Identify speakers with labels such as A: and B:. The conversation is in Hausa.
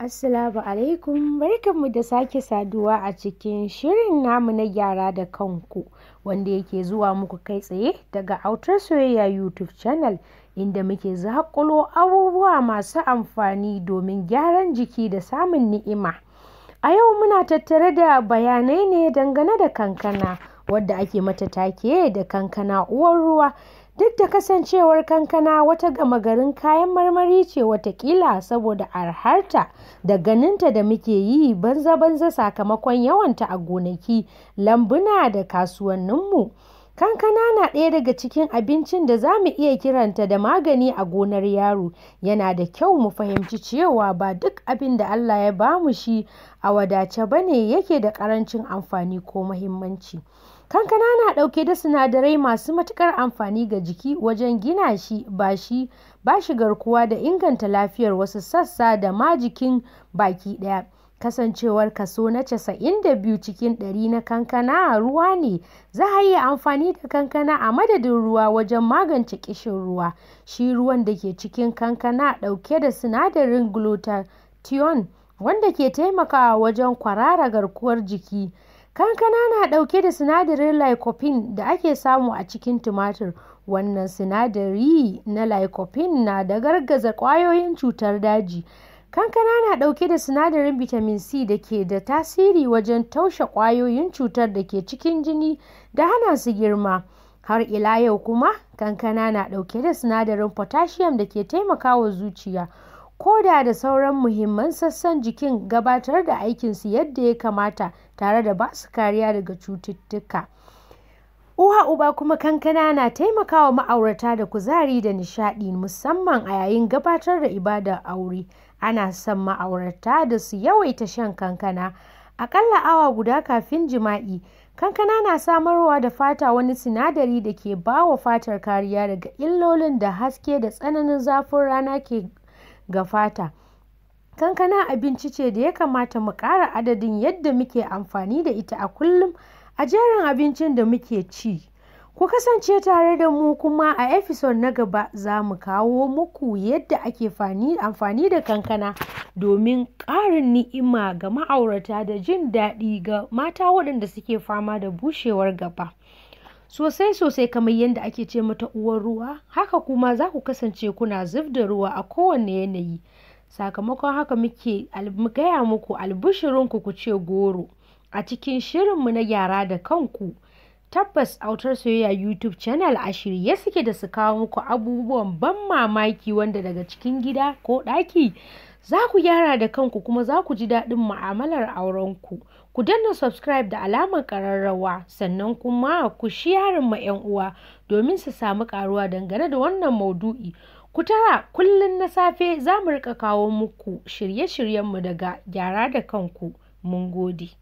A: Assalamu alaikum barkanmu da sake saduwa a cikin shirin namu na gyara da kanku wanda yake zuwa muku kai tsaye daga Autar Soyayya YouTube channel inda muke zaƙulo abubuwa masu amfani domin gyaran jiki da samun ni'ima. A yau muna tattare da bayanai ne dangane da kankana wadda ake mata take da kankana uwar ruwa. Duk da kasancewar kankana wata gama garin kayan marmari ce watakila saboda arharta da ganinta da muke yi banza-banza sakamakon yawanta a gonaki, lambuna da kasuwanninmu. Kankana na ɗaya daga cikin abincin da za mu iya kiranta da magani a gonar yaro. Yana da kyau mu fahimci cewa ba duk abin da Allah ya ba mu shi a wadace ba ne yake da ƙarancin amfani ko muhimmanci. Kankana na ɗauke da sinadarai masu matuƙar amfani ga jiki wajen gina shi, ba shi garkuwa da inganta lafiyar wasu sassa da ma jikin baki ɗaya. kasancewar kaso na 92 cikin 100 na kankana ruwa ne za a iya amfani da kankana a madadin ruwa wajen magance kishin ruwa shi ruwan da ke cikin kankana ɗauke da sinadarin glutathione wanda ke taimakawa wajen kwarara garkuwar jiki kankana na ɗauke da sinadarin lycopene da ake samu a cikin tumatir wannan sinadari na lycopene na da gargaza ƙwayoyin cutar daji Kankana na ɗauke da sinadarin bitamin C da ke da tasiri wajen taushe ƙwayoyin cutar da ke cikin jini da hana su girma. Har ila yau kuma, kankana na ɗauke da sinadarin potassium da ke taimakawa zuciya, koda da sauran muhimman sassan jikin gabatar da aikinsu yadda ya kamata tare da ba su kariya daga cututtuka. Uwa uba kuma kankana na taimakawa ma'aurata da kuzari da nishaɗi musamman a yayin gabatar da ibadar aure. Ana son ma'aurata da su yawaita shan kankana aƙalla awa guda kafin jima'i. Kankana na samarwa da fata wani sinadari da ke ba wa fatar kariya daga illolin da haske da tsananin zafin rana ke ga fata. Kankana abinci ce da ya kamata mu ƙara adadin yadda muke amfani da ita a kullum a jerin abincin da muke ci. Ku kasance tare da mu kuma a episode na gaba za mu kawo muku yadda ake amfani da kankana domin ƙarin ni'ima ga ma'aurata da jin daɗi ga mata waɗanda suke fama da bushewar gaba. Sosai sosai kamar yadda ake ce mata uwar ruwa, haka kuma za ku kasance kuna zub da ruwa a kowane yanayi. Sakamakon haka muke gaya muku albushirinku ku ce goro. a cikin shirinmu na gyara da kanku. Tabbas autar soyayya YouTube channel a shirye suke da su kawo muku abubuwan ban mamaki wanda daga cikin gida ko ɗaki za ku gyara da kanku kuma za ku ji daɗin ma'amalar aurenku. Ku danna subscribe da alamar ƙararrawa sannan kuma ku shiyarin ma 'yan uwa domin su samu ƙaruwa dangane da wannan maudu'i. Ku tara kullum na safe za mu riƙa kawo muku shirye-shiryenmu daga gyara da kanku. Mun gode.